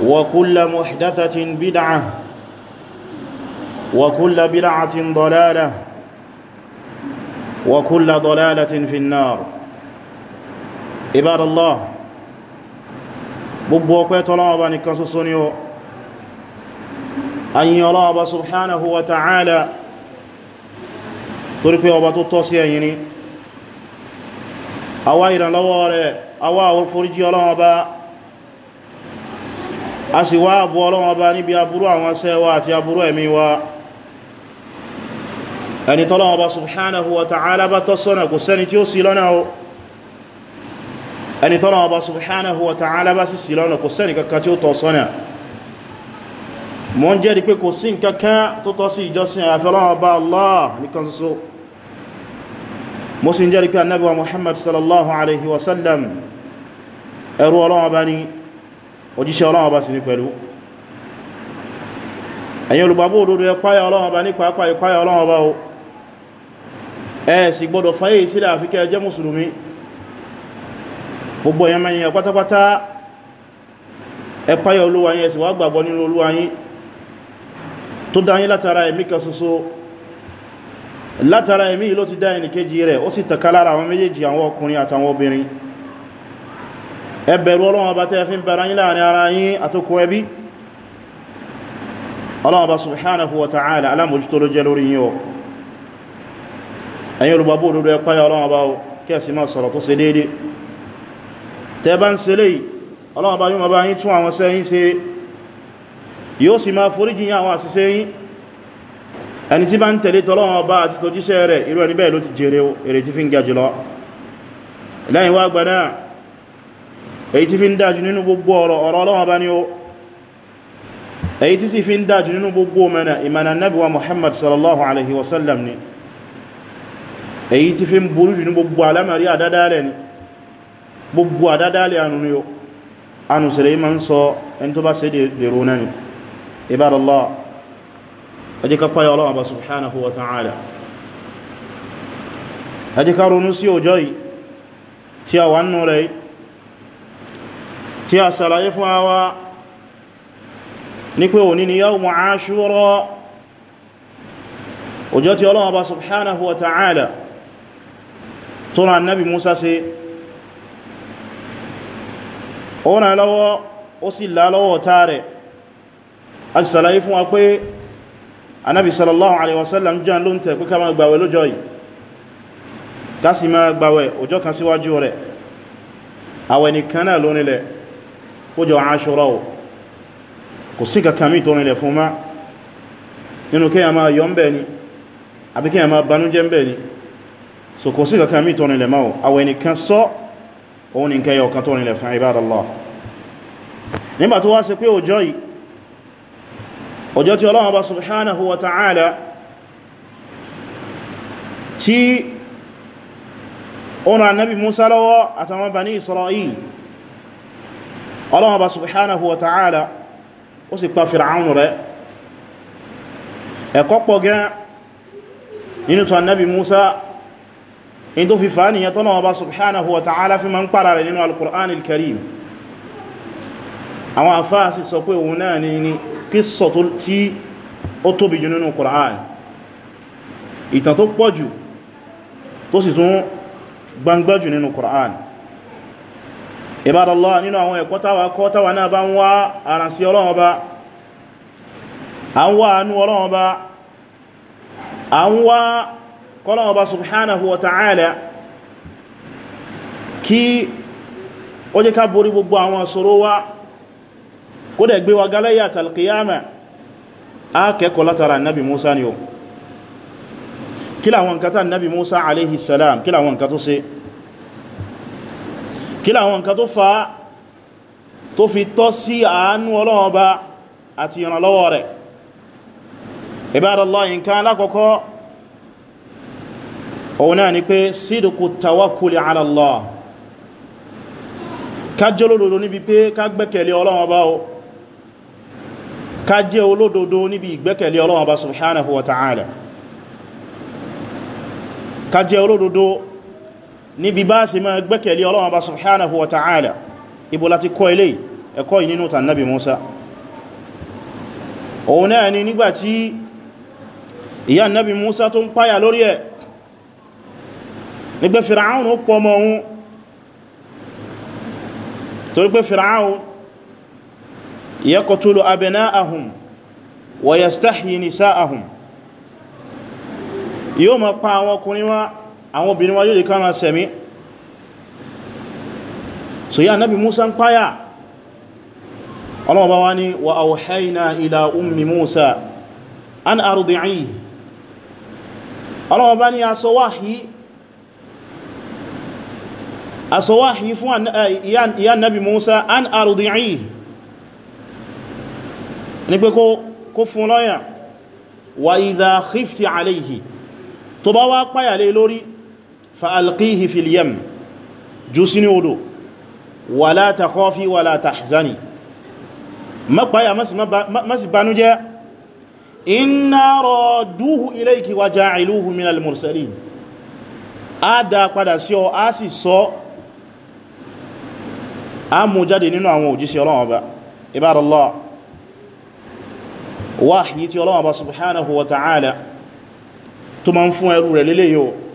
وكل محدثة بدعة وكل بدعة ضلالة وكل ضلالة في النار عباد الله gbogbo ọpẹ́ tọ́lọ́ọ̀bá nìkan ṣoṣo ni ó ayin ọlọ́ọ̀bá subhanahu wa ta'ala torí pé ọba tó tọ́ sí ẹ̀yìn ni àwa ìrànlọ́wọ́ rẹ̀ àwa àwọ́ foríjí ọlọ́ọ̀bá a sì wá àbú ọlọ́wọ́n bá níbi aburú àwọn sẹ́wà àti aburú ẹ̀mí wa ẹni tọ́lọ́wọ́n bá subhanahu wa ta'ala bá tọ́ sọ́nà kò sẹ́ni tí ó ṣì lọ́nà o ẹni tọ́lọ́wọ́n bá subhanahu wa ta'ala bá sì ṣì lọ́nà kò sẹ́ni kankan tí ó tọ́ sọ́nà mo ń jẹ́rìí pé kò sí nǹkankan tó tọ́ sí ìjọsìn àyàfi Ọlọ́run Ọba Allah nìkan ṣoṣo mo sì ń jẹ́rìí pé annabi wa Muhammad sallallahu alaihi wasallam ẹrú Ọlọ́run Ọba ni òjíṣẹ́ Ọlọ́run Ọba sì ní pẹ̀lú ẹ̀yin olùgbàgbọ́ òdodo ẹ páyà Ọlọ́run Ọba ní pàápàá ìpáyà Ọlọ́run Ọba o ẹ sì gbọ́dọ̀ fàyè sílẹ̀ àfi kẹ́ jẹ́ mùsùlùmí gbogbo ẹ̀yàn mẹ́yìn pátápátá ẹ páyà Olúwa yín ẹ sì wá gbàgbọ́ nínú Olúwa yín tó dá yín látara ẹ̀mí kan ṣoṣo látara ẹ̀mí ló ti dá ẹnìkejì rẹ̀ ó sì tẹ̀ká lára àwọn méjèèjì àwọn ọkùnrin àtàwọn obìnrin ẹ bẹ̀rù Ọlọ́run Ọba tẹ́ fi ń bẹ̀rẹ̀ yín láàrin ara yín àtòkù ẹbí Ọlọ́run Ọba subhanahu wa ta'ala alámòjútó ló jẹ́ lórí yín o ẹ̀yin olùgbàgbọ́ òdodo ẹ páyà Ọlọ́run Ọba o kẹ́ sì máa sọ̀rọ̀ tó ṣe déédé tẹ́ bá ń ṣe léyìí Ọlọ́run Ọba èyí tí fi ń dájú nínú gbogbo ọ̀rọ̀ ọ̀rọ̀ Ọlọ́run bá ní ó èyí tí sì fi ń dájú nínú gbogbo mẹ́nà ìmẹ́nà nẹ́bíwa Muhammad sallallahu alaihi wasallam ni èyí tí fi ń burú jù ní gbogbo alamari àdádálẹ̀ ni gbogbo àdádálẹ̀ anu ni ó anu sẹ̀rẹ̀ ma ń sọ ẹni tó bá sẹ́ dèrò náà ni ibadallah ẹ jẹ́ ká páyà bá subhanahu wa ta'ala ẹ ká ronú sí ọjọ́ yìí tí a wà nù rẹ̀ yìí tí a ṣàlàyé fún àwa ní pé òní ni yawmu Ashura ọjọ́ tí Ọlọ́run Ọba subhanahu wa ta'ala tó rán Nabi Musa sí ó rán lọ́wọ́ ó sì lá lọ́wọ́ tààrẹ a ti ṣàlàyé fún wa pé Ànábì sallallahu alaihi wasallam jẹ́ ló ń tẹ̀ pé ká gbàwẹ̀ lọ́jọ́ yìí ká máa gbàwẹ̀ ọjọ́ kan síwájú rẹ̀ àwẹ̀ nìkan náà lónílẹ̀ kójọ aṣọ́rọ̀ ò kò sí kankan mí tó rìnlẹ̀ fún má nínú kí a máa yọ ń bẹ̀ ni àbí kí a máa banújẹ́ ń bẹ̀ ni so kò sí kankan mí tó rìnlẹ̀ máa àwọ̀ ẹnìkan sọ òun ni nǹkan yọ kan tó rìnlẹ̀ fún ibadallah nígbà tó wá sí pé ọjọ́ yìí ọjọ́ tí Ọlọ́run bá subhanahu wa ta'ala tí ó rán Nabi Musa lọ́wọ́ àtàwọn Bani Isra'il ọlọ́wọ́n bá subhanahu wa ta'ala ó sì pa fir'aun rẹ̀ ẹ̀kọ́ pọ̀ gan nínú tó annabi musa in tó fi fa níyàn tọ́lọ́wọ́n bá subhanahu wa ta'ala fi ma ń pàrà rẹ̀ nínú al-Qur'an al-Karim àwọn afá ìbádọ́lá nínú àwọn ẹ̀kọ́ táwà kọ́ táwà náà bá ń wá àrànsí ọlọ́run ọba a ń wá àánú ọlọ́run ọba a ń wá kọ́lọ́run ọba subhanahu wa ta'ala kí ó jẹ́ ká borí gbogbo àwọn ṣòro wa kó dẹ̀ gbé wa galáyà talqiyama a kẹ́kọ̀ọ́ látara nabi musa ni o kí láwọn nǹkan nabi musa alaihi salam kí láwọn nǹkan tó kí láwọn nǹkan tó fa tó fi tọ́ sí àánú Ọlọ́run Ọba àti ìrànlọ́wọ́ rẹ̀ Ibadallah nǹkan alákọ̀ọ́kọ́ òun náà ni pé sídùkù tawakkuli ala Allah ká jẹ́ olódodo níbi pé ká gbẹ́kẹ̀lé Ọlọ́run Ọba o ká jẹ́ olódodo níbi ìgbẹ́kẹ̀lé Ọlọ́run Ọba subhanahu wa ta'ala ká jẹ́ olódodo níbi bá ṣe máa gbẹ́kẹ̀lé Ọlọ́run Ọba subhanahu wa ta'ala ibo láti kọ́ ilé ẹ̀kọ́ yìí nínú tàn Nábì Musa òun náà ni nígbàtí ìyá Nábì Musa tó ń páyà lórí ẹ̀ nígbà Fir'aun ó pọ̀ mọ́ ohun torí pé Fir'aun yaqtulu abna'ahum wa àwọn obìnrin wa yóò jẹ́ ká sẹ̀mí so yá nábi Musa ń páyà ọlọ́mọba wá ní wa awhayna ila ummi Musa an ardi'i ọlọ́mọba ní asọwáhí asọwáhí fún ìyá eh, nábi Musa an ardi'i ní pé kó fún lọ́yà wa idha khifti alayhi tó bá wá páyà lé lórí fa'alqihi fil yam jù sínú odò wala ta khafi wala tahzani mapaya masu banújẹ́ inna radduhu ilayki wa ja'iluhu min al-mursalin a dá padà sí ọ a sì sọ a mú jáde nínú àwọn òjíṣẹ́ Ọlọ́run Ọba ibadallah wahyi tí Ọlọ́run Ọba subhanahu wa ta'ala tó ma ń fún ẹrú rẹ̀ lélẹ́yìí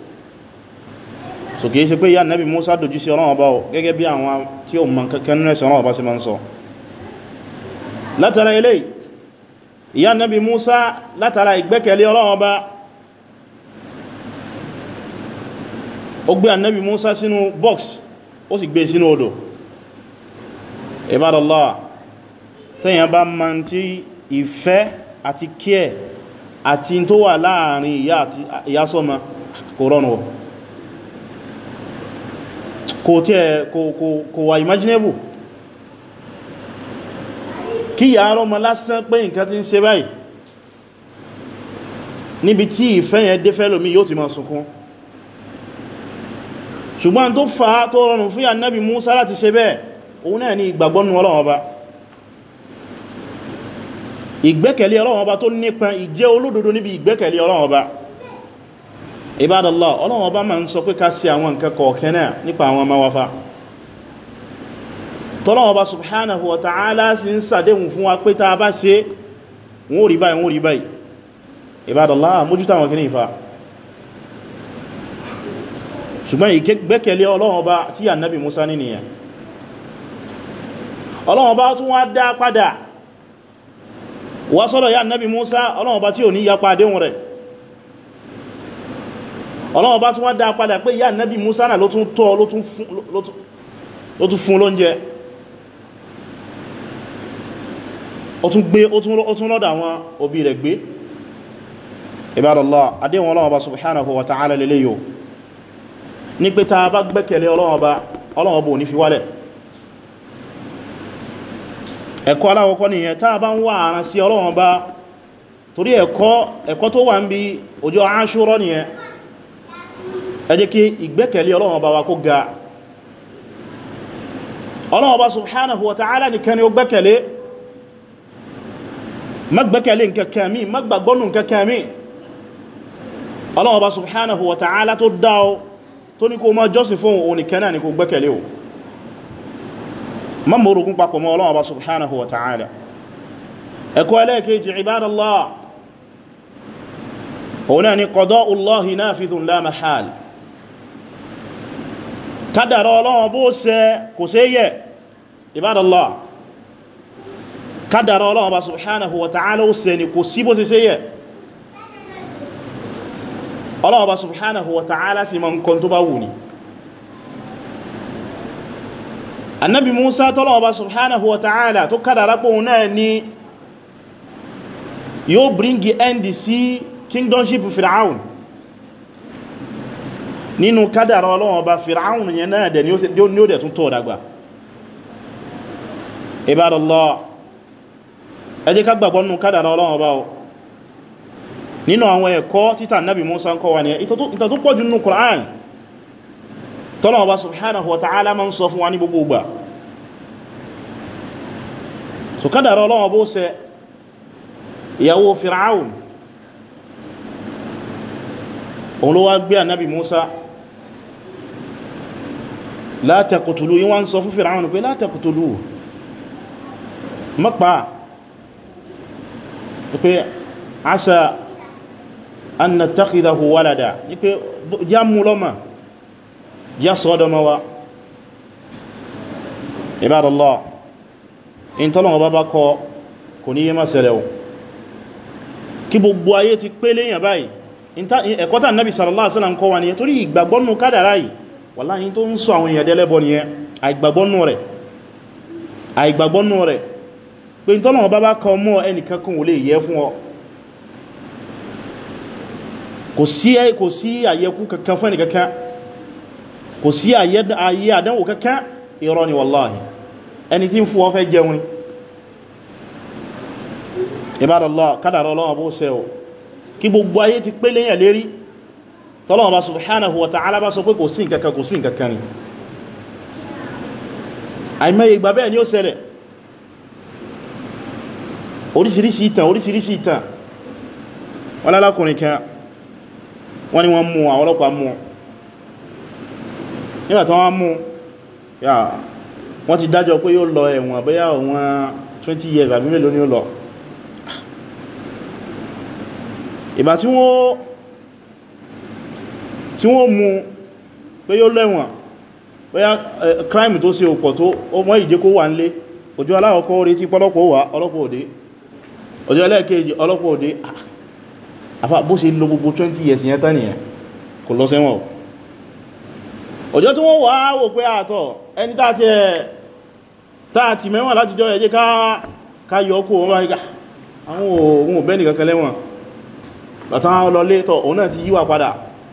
so kìí ṣe pé ya nabi Musa dojú sí ọlọ́wọ́ bá ọ gẹ́gẹ́ bí àwọn tí ó mọ̀ kankan nínú ẹ̀sẹ̀ ọlọ́wọ́ bá sí ma ń sọ látara ilé ya nabi Musa látara ìgbẹ́kẹ̀lé ọlọ́wọ́ bá ó gbé annabi Musa sínú box ó sì gbé e sínú odò Ibadallah tẹ́yàn bá ma ti ìfẹ́ àti kíẹ̀ àti tó wà láàrin ìyá àti ìyá sọ́mọ kò rọrùn kò tí ẹ kò wà imaginable kí yàárọ̀ ọmọ lásán pé nǹkan tí ń ṣe báyìí níbi tí ìfẹ́ yẹn dé fẹ́lòmí yóò ti máa sunkún ṣùgbọ́n tó fa tó rọrùn fún Ànábì Mùsá láti ṣe bẹ́ẹ̀ òun náà ni ìgbàgbọ́nú Ọlọ́run Ọba ìgbẹ́kẹ̀lé Ọlọ́run Ọba tó nípa ìjẹ́ olódodo níbi ìgbẹ́kẹ̀lé Ọlọ́run Ọba ibadallah ọlọ́wọ́ bá ma ń sọ pé ká sí àwọn nǹkan kọ̀ọ̀kẹ́ náà nípa àwọn mawafa tọ́lọ́wọ́ bá subhanahu wa ta'ala sí ń sàdéhùn fún wa pé ta bá ṣe wọ́n rí báyìí wọ́n rí báyìí ibadallah mójútó àwọn kìíní ìfà ṣùgbọ́n ìgbẹ́kẹ̀lé ọlọ́wọ́ bá tí annabi musa ní nìyẹn ọlọ́wọ́ ọlọ́wọ́ bá tún wá dáa padà pé ìyá nẹ́bí musa náà ló tún tọ́ ló tún fún lóúnjẹ́ ó tún gbé ó tún lọ́dọ̀ àwọn òbí rẹ̀ gbé ibadallah adéwọn ọlọ́wọ́ bá subhanahu wa ta'ala lélé yóò ní pé ta bá gbẹ́kẹ̀lé ọlọ́wọ́ bá ọlọ́wọ́ ẹ jẹ́ kí ìgbẹ́kẹ̀lé Ọlọ́run bá wa kó ga Ọlọ́run bá subhanahu wa ta'ala nìkan ni ó gbẹ́kẹ̀lé má gbẹ́kẹ̀lé nǹkankan mi má gbàgbọ́nù nǹkankan mi Ọlọ́run bá subhanahu wa ta'ala tó dá ọ tó ní kó má jọ́sìn fún òun nìkan náà ni kó gbẹ́kẹ̀lé o mọ́ Ọlọ́run kádàrá Ọlọ́run bó ṣe kò ṣe yẹ̀ ibadallah kádàrá Ọlọ́run bá subhanahu wa ta'ala ó ṣe ni kò sí bó ṣe ṣe yẹ̀ Ọlọ́run bá subhanahu wa ta'ala sì ma ń kọ́ tó bá wù ní annabi Musa tọ́lọ́run bá subhanahu wa tó kádàrá pòun nínú kádàrà ọlọ́wọ́n ọba Fir'aun yẹn náà dẹ̀ ni ó dẹ̀ tún tọ́ dàgbà Ibadallah ẹ jẹ́ ká gbàgbọ́ nínú kádàrà ọlọ́wọ́n ọba o nínú àwọn ẹ̀kọ́ títà Nabi Musa ń kọ́ wa ni ìtọ̀ tó pọ̀jù nínú Qur'an tọ́lọ̀ ọba subhanahu ní gbogbo ìgbà la taqtulu yí wọ́n sọ fún Fir'aun pé la taqtulu mọ́pá pé asa an nattakhidahu walada ní pé já mú lọ́mà já sọ́dọ̀mọ́ wa ibadallah in tọ́lọ̀wọ́ bá bá kọ kò ní yé má ṣẹlẹ̀ o kí gbogbo ayé ti pé léyàn báyìí ẹ̀kọ́ta nabi sallallahu alaihi wasallam kọ́ wa ni torí ìgbàgbọ́nù kádàrá yìí wàláyìn tó ń sọ àwọn èèyàn dẹ́lẹ́bọ nìyẹn àìgbàgbọ́nù rẹ̀ àìgbàgbọ́nù rẹ̀ pé tọ́nà bá bá kọ mọ́ ẹnìkan kún ò lè yẹ fún ọ kò sí ẹ kò sí àyẹkú kankan fún ẹnìkankan kò sí àyẹ àdánwò kankan irọ́ ni wàláhì ẹni tí ń fún ọ fẹ́ jẹun ni tọ́lọ́wọ́n bá subhanahu wa ta'ala bá sọ pé kò sí nǹkankan kò sí nǹkankan ni àìmẹ́yẹ ìgbà bẹ́ẹ̀ ni ó ṣẹlẹ̀ oríṣiríṣi ìtàn oríṣiríṣi ìtàn wọ́n lálákùnrin kan wọ́n ni wọ́n mú àwọn ọlọ́pàá mú nígbà tí wọ́n mú yà wọ́n ti years àbí mélòó ni ó lọ ìgbà tí wọ́n mú pé yóò lẹ́wọ̀n bóyá eh, crime tó ṣe òpọ̀ tó ọmọ ìjẹ́ kó wà ń lé ọjọ́ aláwọ̀kọ́ orí tí pọ́lọ́pọ̀ wà ọlọ́pọ̀ òde ọjọ́ ẹlẹ́ẹ̀kejì ọlọ́pọ̀ àfà bó ṣe lo gbogbo 20 years yẹn kò lọ tí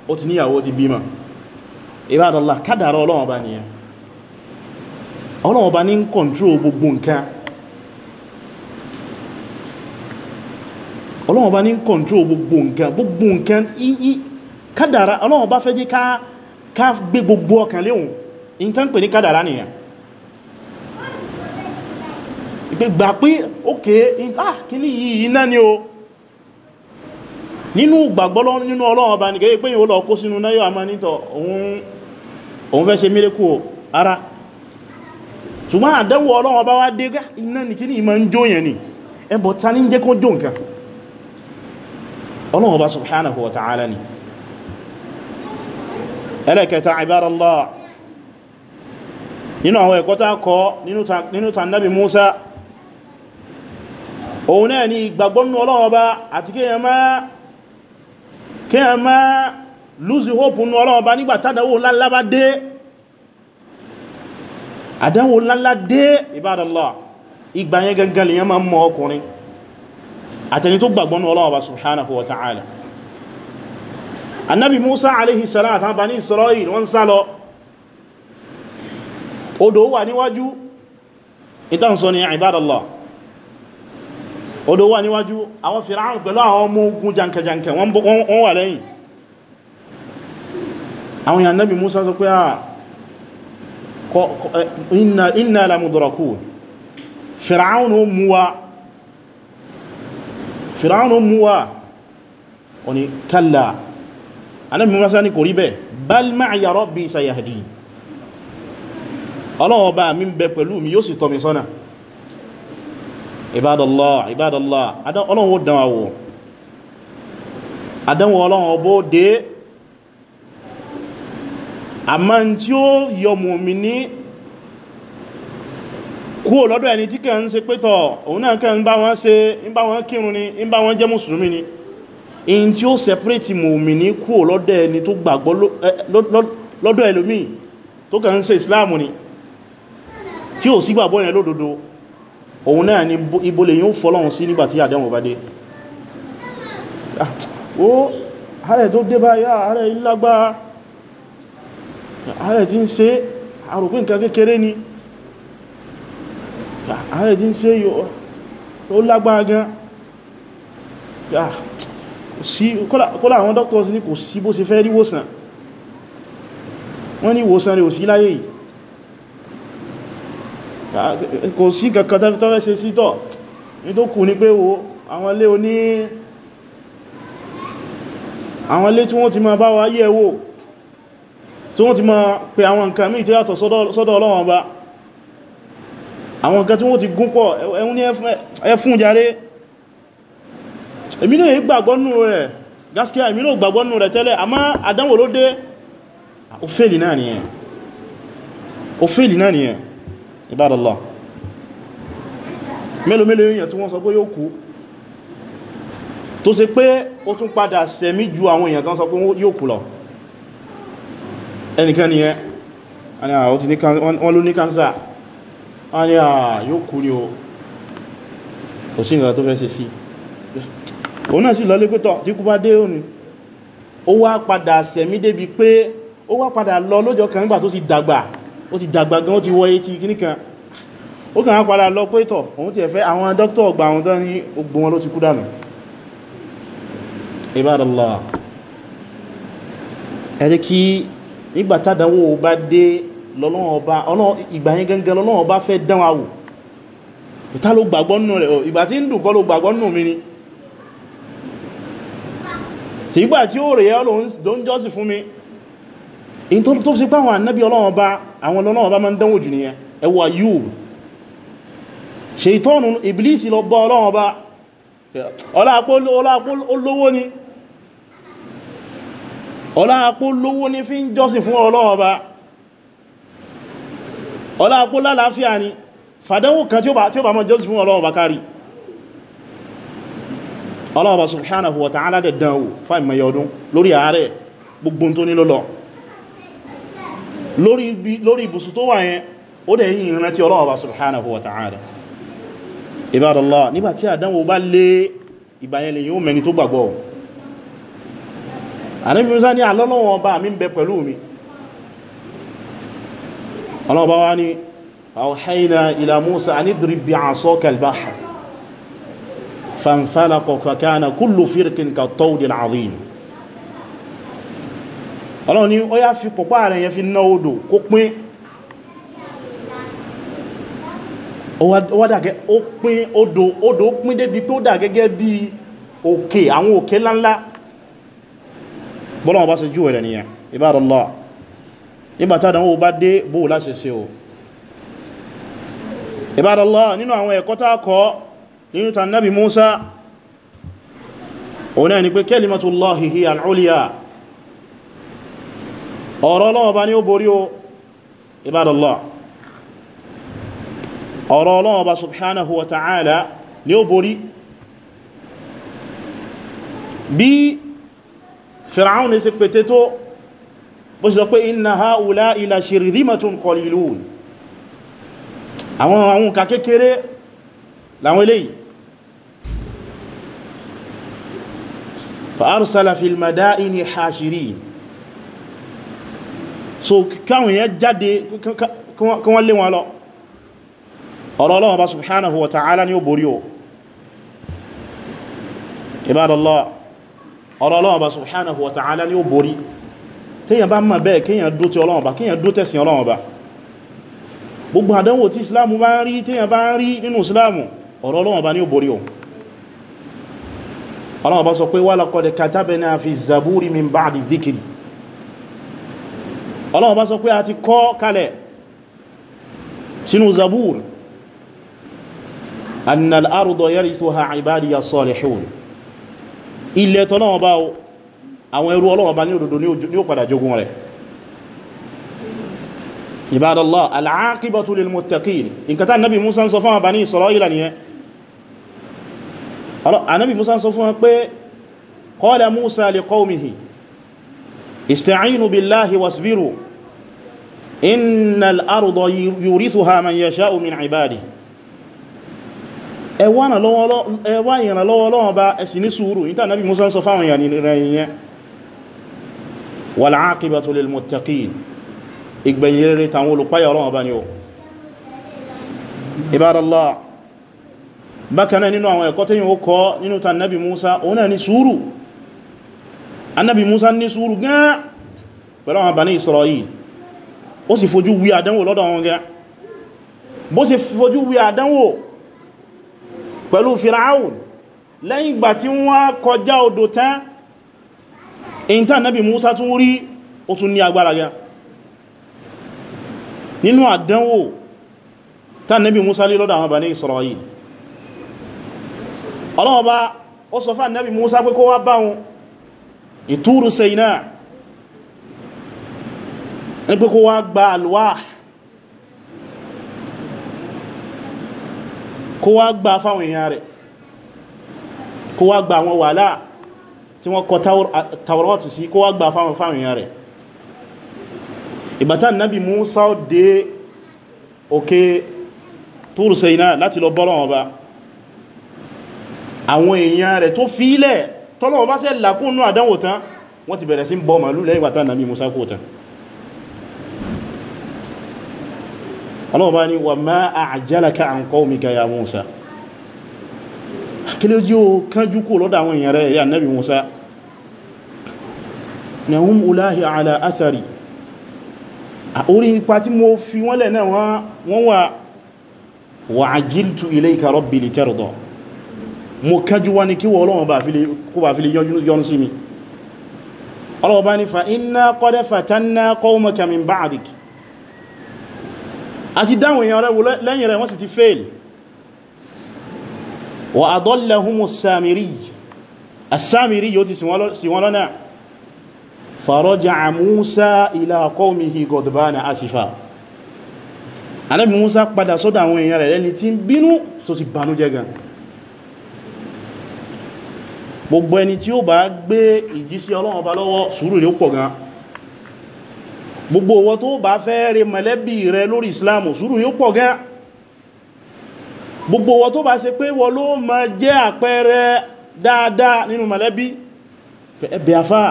ó ti níyàwó ti bímọ ìbádọ́lá kádàrá ọlọ́wọ́n bá nìyẹn ọlọ́wọ́n bá ní ń kọ̀ntró gbogbo nǹkan ọlọ́wọ́n bá ní ń kọ̀ntró gbogbo nǹkan gbogbo nǹkan kádàrá ọlọ́wọ́n bá fẹ́ jẹ́ ká gbé gbogbo ọkàn léhùn in tán pè ní kádàrá nìyẹn gbà pé ókè ah kí ní yìí iná ni o nínú gbàgbọ́lọ́ nínú ọlọ́run ọba nìkẹ́ pé yíò lọ kó sínú náyọ àmà nítọ̀ òun fẹ́ ṣe mírẹ́kù ara ṣùgbọ́n àdẹ́wò ọlọ́run ọba wá dé iná nìkí ní ìmọ̀ ń jó yẹn ni ẹbọ̀ ta ní jẹ́ kó jó nǹkan subhanahu wa ta'ala ni ẹlẹ́kẹta ibadallah nínú àwọn ẹ̀kọ́ tá kọ́ nínú ta nabi Musa òun náà ni ìgbàgbọ́nú ọlọ́run ọba àti kéèyàn máa kí a máa lúzi hope nù ọlọ́ọ̀bá nígbà tádàwó ńláńlá bá dé àdánwò ńláńlá dé ibadallah ìgbà yẹn gangan lèyàn máa mọ̀ ọkùnrin àtẹni tó gbàgbọ́ nù ọlọ́ọ̀bá subhanahu wa ta'ala annabi musa alaihi salam àtàwọn bani israel wọ́n sá lọ odò wà níwájú ìtànsọ odò wà níwájú àwọn Fìráùn pẹ̀lú àwọn ọmọ ogun jankajanka wọ́n wà lẹ́yìn àwọn èèyàn Nábì Musa sọ pé inna la mudrakun Fìráùn ó mú wa Fìráùn ó mú wa oni kalla Ànábì Musa ní kò rí bẹ́ẹ̀ bal ma'a rabbi sayahdin Ọlọ́hun mi bẹ pẹ̀lú mi yóò sì tọ́ mi sọ́nà Ibadallah Ibadallah ọlọ́run ó dán àwò àdánwò ọlọ́run A dé àmá tí ó yọ mùmíní kú lọ́dọ̀ ẹni tí kàn ń ṣe pétọ̀ òun náà kàn ń bá wọn ṣe ń bá wọn kírun ni ń bá wọn jẹ́ mùsùlùmí ni in tí ó separate mùmíní kú lọ́dọ̀ ẹni tó gbàgbọ́ lọ́dọ̀ ẹlòmí tó kàn ń ṣe ìsìláàmù ni tí ò sí gbàgbọ́ yẹn lódodo òun náà ni ibo lè yíò fọ́lọ́run sí nígbàtí àdánwò bá dé ó ààrẹ tó dé báyá ààrẹ ilágbá ààrẹ tí ń ṣe àròpín nǹkan kékeré ni ààrẹ tí ń ṣe ó lágbára gan kọ́lá àwọn doctors ní kò sí bó ṣe fẹ́ rí wòsàn wọ́n ní wòsàn rẹ̀ ò sí láyé yìí kò sí kankan tẹ́fẹ́ ṣe sí tọ́ ní tó kù ní pé wo àwọn ilé oní àwọn ilé tí wọ́n ti ma bá wa yẹ̀ wò tí wọ́n ti ma pè àwọn nǹkan mí tó yàtọ̀ sọ́dọ̀ Ọlọ́run Ọba àwọn nǹkan tí wọ́n ti gún pọ̀ ẹ̀hún ní ẹfún jàre èmi náà gbàgbọ́ nù rẹ̀ gaskiya èmi náà gbàgbọ́ nù rẹ̀ tẹ́lẹ̀ àmá àdánwò ló dé òfèlì náà nìyẹn òfèlì náà nìyẹn Ibadallah mélòó mélòó èèyàn tí wọ́n sọ pé yóò kú tó ṣe pé ó tún padà sẹ̀mí ju àwọn èèyàn tán sọ pé yóò kú lọ ẹnìkan ni ẹ wọ́n ló ní kánsà wọ́n ni àà yóò kú ni o kò sí ìrìnlẹ̀ tó fẹ́ ṣe sí òun náà sì lọ lé pẹ́tọ̀ tí kú bá dé òní ó wá padà sẹ̀mí débi pé ó wá padà lọ lọ́jọ́ kan nígbà tó sì dàgbà ó ti dàgbà gan ó ti wọ́ etí kìníkan ó kàn padà lọ pé tọ̀ òun ti ẹ̀fẹ́ àwọn dókítà ọgbà àwọn tán ní ogbò wọn ló ti kú dànù Ibadallah ẹ jẹ́ kí nígbà tádánwò bá dé ìgbàyẹn Ọlọ́run bá fẹ́ dán wa wò ta ló gbàgbọ́ nù rẹ̀ ìgbà tí ń dùn kọ́ ló gbàgbọ́ nù mi ni sígbà tí ó rẹ̀ in tó tó sí páwọn annabi ọlọ́wọ́ bá àwọn ọlọ́wọ́ bá ma ń dánwò jù ní ẹwọ Ayub ṣètọ́nù ìbìlìsì lọ bọ́ ọlọ́wọ́ bá ọláàpólówó ni ọláàpólówó ni fi ń jọ́sìn fún ọlọ́wọ́ bá ọláàpólálàáfíà ni fàdánwò kan tí ó bá mọ́ jọ́sìn fún ọlọ́wọ́ bá kárí ọlọ́wọ́ bá subhanahu wa ta'ala dẹ̀dánwò fáìmọ̀ yọdún lórí ààrẹ gbogbo tó ní lọ́lọ́wọ́ lórí ibùsù tó wà yẹn ó dẹ̀ yìí rántí Ọlọ́run Ọba subhanahu wa ta'ala ibadallah nígbàtí àdánwò bá lé ìbáyẹn lè yíò mẹni tó gbàgbọ́ Ànábì Mùsá ní Ọlọ́run Ọba mi ń bẹ pẹ̀lú mi Ọlọ́run Ọba wá ní awhayna ila ọlọ́run ni ó yá fi pọ̀pá rẹ̀ yẹn fi ná odò kó pín ó pín odò odò pín débi pé ó dà gẹ́gẹ́ bí òkè àwọn òkè láńlá bọ́lọ́wọ́ bá ṣe jú ẹ̀rẹ̀ nìyàn ibadallah nígbàtà àdánwò bá dé bóò láṣẹ ṣe o ibadallah nínú àwọn ẹ̀kọ́ tá kọ́ nínú tàn nábi Musa òun náà ni pé kalimatullahi hiya al ọ̀rọ̀ ọlọ́wọ́ bá ní ó borí o ibadallah ọ̀rọ̀ ọlọ́wọ́ bá subhanahu wa ta'ala ní ó borí bí fir'aun ní sí pété tó bó sì sọ pé inna ha'ula'i la shirzimatun qalilun àwọn àwọn ka láwọn eléyìí fa fil madaini hashirin so káwọn èèyàn jáde kí wọ́n lé wọn lọ ọ̀rọ̀ Ọlọ́run bá subhanahu wa ta'ala ni ó borí o ibadallah ọ̀rọ̀ Ọlọ́run bá subhanahu wa ta'ala ni ó borí tíyàn bá mọ̀ bẹ́ẹ̀ kíyàn dó ti Ọlọ́run bá kíyàn dó tẹ̀sìn Ọlọ́run bá gbogbo àdánwò tí islamu bá ń rí tíyàn ọlọ́wọ́ bá sọ pé a ti kọ́ kalẹ̀ sínú zabur annal ardo yarithuha ibadiya salihun ilẹ̀ tọ́lọ́wọ́ bá àwọn ẹrú ọlọ́wọ́ bá ní òdòdó ní ó padà jogun rẹ̀ ibadallah al'aqibatu lil muttaqin nǹkan tá nabi musa sọ fún bani israila nìyẹn استعينوا بالله واصبروا إن الأرض يورثها من يشاء من عباده ẹ wá ìrànlọ́wọ́ Ọlọ́run bá ẹ sì ní sùúrù níta Nábì Mùsá ń sọ fáwọn ìyàní rẹ̀yìn والعاقبة للمتقين ìgbẹ̀yìn rere tàwọn olùpáyà Ọlọ́run bá ní o Ibadallah bákanáà nínú àwọn ẹ̀kọ́ tẹ́yìn ó kọ́ nínú ta Nábì Mùsá òun náà ní sùúrù annabi musa ní sùúrù gan pẹ̀lú àwọn Bani Isra'il ó sì fojú wí àdánwò lọ́dọ̀ wọn gan bó sì fojú wí àdánwò pẹ̀lú Fir'aun lẹ́yìn ìgbà tí wọ́n kọjá odò tán èyí tán annabi musa tún rí ó tún ní agbára gan nínú àdánwò tán annabi musa lé lọ́dọ̀ àwọn Bani Isra'il ọlọ́wọ́ bá ó sọ fún annabi musa pé kó wá bá ìtúrù sẹ́yìnà ní pé kó wá gba alwah kó wá gba fáwọn èèyàn rẹ̀ kó wá gba àwọn wàhálà tí wọ́n kọ tàwọ̀rọ̀tù sí kó wá gba fáwọn èèyàn rẹ̀ ìbátá nábi Musa dé òkè túrù sẹ́yìnà láti lọ bọ́lọ̀ wọn ba àwọn èèyàn rẹ̀ tó fílẹ̀ tọ́lọ́wọ́ bá sẹ́ làkúnnú àdánwò tán wọ́n ti bẹ̀rẹ̀ sí bọ́ màálù lẹ́yìn ìgbà tán nàbí Musa kó tán ọlọ́wọ́ bá ní wa ma a'jalaka an qawmika ya Musa kí ló jí o kánjú kó lọ́dọ̀ àwọn èèyàn rẹ̀ ya nàbí Musa mo kánjú wá ní kíwọ ọlọ́wọ́n bá fi lè yọnu sí mi ọlọ́wọ́ bá ní fa inna qad fatanna qawmaka min ba'dik a ti dáwọn èèyàn rẹ̀ lẹ́yìn rẹ̀ wọ́n sì ti fail wa adallahu samiri as-samiri yóò ti sì wọ́n lọ́nà faraja'a gbogbo ẹni tí ó bá gbé ìjísí ọlọ́run ọba lọ́wọ́ sùúrù ní ó pọ̀ gan gbogbo owó tó bá fẹ́ rẹ mọ̀lẹ́bí rẹ lórí islam sùúrù ní ó pọ̀ gan gbogbo owó tó bá ṣe pé wọ́n ló mọ jẹ́ àpẹẹrẹ dáadáa nínú mọ̀lẹ́bí ẹbẹ̀ afá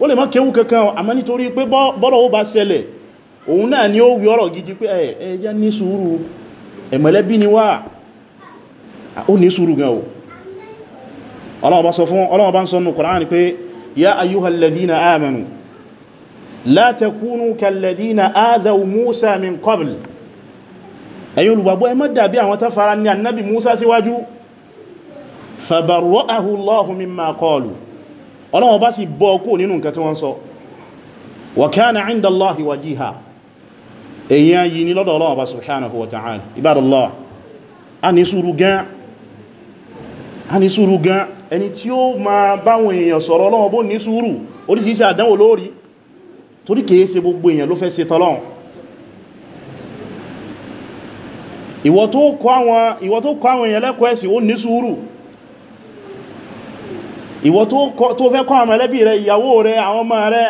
ó lè mọ́ kéwú kankan àmọ́ nítorí pé bọ́rọ̀ ó bá ṣẹlẹ̀ òun náà ni ó wí ọ̀rọ̀ gidi pé ẹ̀ẹ́jẹ́ ní sùúrù ẹ̀mọ̀lẹ́bí ni wà ó ní sùúrù gan o ọlọ́wọ́ bá sọ fún ọlọ́wọ́ bá ń sọ nù Kùránì pé ya ayyuhal ladhina amanu la takunu kal ladhina adhaw Musa min qabl ẹ̀yin olùgbàgbọ́ ẹ má dàbí àwọn tó fara ní annabi Musa síwájú fabarra'ahu Allahu mimma qalu ọlọ́wọ́ bá sì bọ́ kó nínú nǹkan tí wọ́n sọ wa kana 'inda Allahi a ní sùúrù gan a ní sùúrù gan ẹni tí ó máa báwọn èèyàn sọ̀rọ̀ Ọlọ́run bó ní sùúrù oríṣiríṣi àdánwò lórí torí kìí ṣe gbogbo èèyàn ló fẹ́ ṣe tọ́lọ́run ìwọ tó kọ́ àwọn èèyàn lẹ́kọ̀ọ́ ẹ̀sìn ó ní sùúrù ìwọ tó fẹ́ kọ́ àwọn ẹlẹ́bí rẹ ìyàwó rẹ àwọn ọmọ rẹ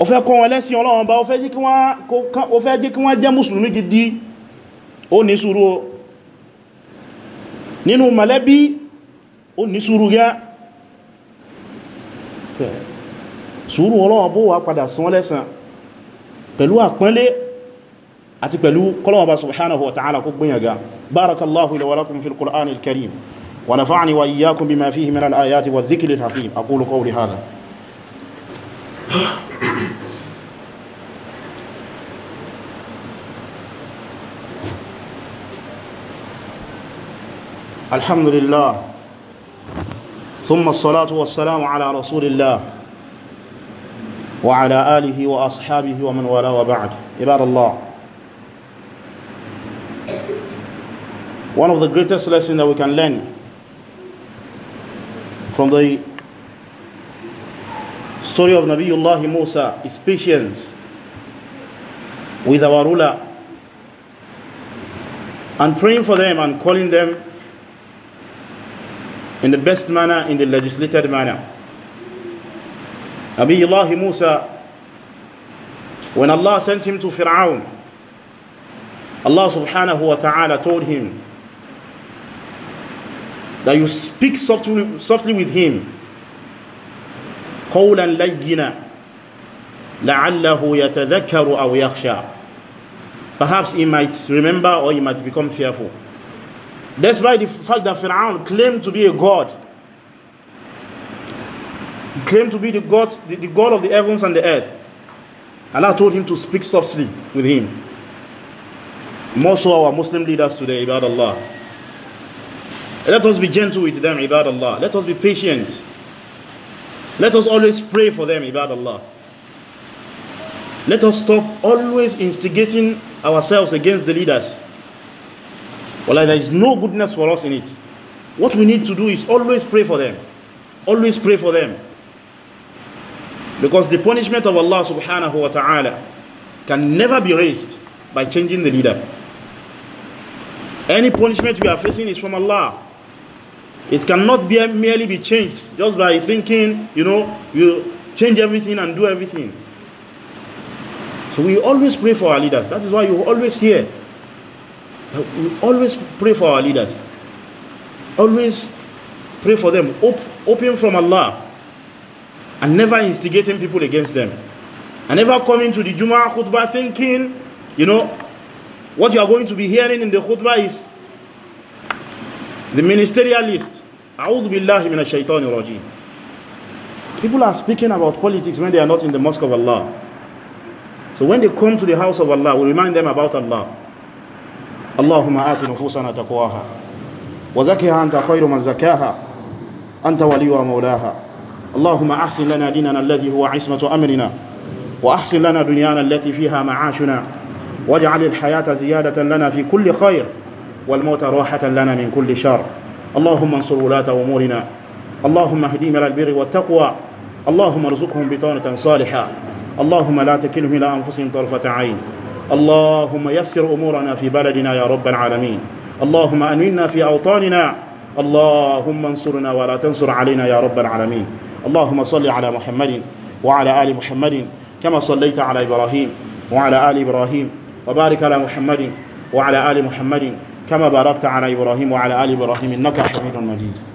o fẹ́ kọ́ wọn lẹ́sìn Ọlọ́run bá o fẹ́ jí kí wọ́n jẹ́ mùsùlùmí gidi ó ní sùúrù o nínú mọ̀lẹ́bí ó ní sùúrù gá sùúrù Ọlọ́run bó wà padà san lẹ́san pẹ̀lú àpọ́nlé àti pẹ̀lú kọlọ́wọ́ bá subhanahu wa ta'ala kó gbìyànga barakallahu li wa lakum fil qur'an al-karim wa nafa'ani wa iyyakum bima fihi min al-ayati wa dhikri al-hakim aqulu qawli hadha الحمد لله ثم الصلاة والسلام على رسول الله وعلى آله وأصحابه ومن ولا وبعد إبار الله One of the greatest lessons that we can learn from the story of Nabiullah Musa is patience with our ruler and praying for them and calling them in the best manner, in the legislated manner. Abiyullah Musa, when Allah sent him to Fir'aun, Allah subhanahu wa ta'ala told him that you speak softly, softly with him. قَوْلًا لَيِّنًا لَعَلَّهُ يَتَذَكَّرُ أَوْ يَخْشَى Perhaps he might remember or he might become fearful. Despite the fact that Pharaoh claimed to be a god, he claimed to be the god, the, the god of the heavens and the earth. Allah told him to speak softly with him. More so our Muslim leaders today, ibad Allah. Let us be gentle with them, ibad Allah. Let us be patient. Let us always pray for them, ibad Allah. Let us stop always instigating ourselves against the leaders. Well, there is no goodness for us in it. What we need to do is always pray for them. Always pray for them. Because the punishment of Allah subhanahu wa ta'ala can never be raised by changing the leader. Any punishment we are facing is from Allah. It cannot be, merely be changed just by thinking, you know, you change everything and do everything. So we always pray for our leaders. That is why you always hear we uh, always pray for our leaders. Always pray for them. open from Allah. And never instigating people against them. And never coming to the Jum'ah khutbah thinking, you know, what you are going to be hearing in the khutbah is the ministerialist. People are speaking about politics when they are not in the mosque of Allah. So when they come to the house of Allah, we remind them about Allah. اللهم آت نفوسنا تقواها وزكها أنت خير من زكاها أنت ولي ومولاها اللهم أحسن لنا ديننا الذي هو عصمة أمرنا وأحسن لنا دنيانا التي فيها معاشنا واجعل الحياة زيادة لنا في كل خير والموت راحة لنا من كل شر اللهم انصر ولاة أمورنا اللهم اهديهم إلى البر والتقوى اللهم ارزقهم بطانة صالحة اللهم لا تكلهم إلى أنفسهم طرفة عين اللهم يسر أمورنا في بلدنا يا رب العالمين اللهم أمنا في أوطاننا اللهم انصرنا ولا تنصر علينا يا رب العالمين اللهم صل على محمد وعلى آل محمد كما صليت على إبراهيم وعلى آل إبراهيم وبارك على محمد وعلى آل محمد كما باركت على إبراهيم وعلى آل إبراهيم إنك حميد مجيد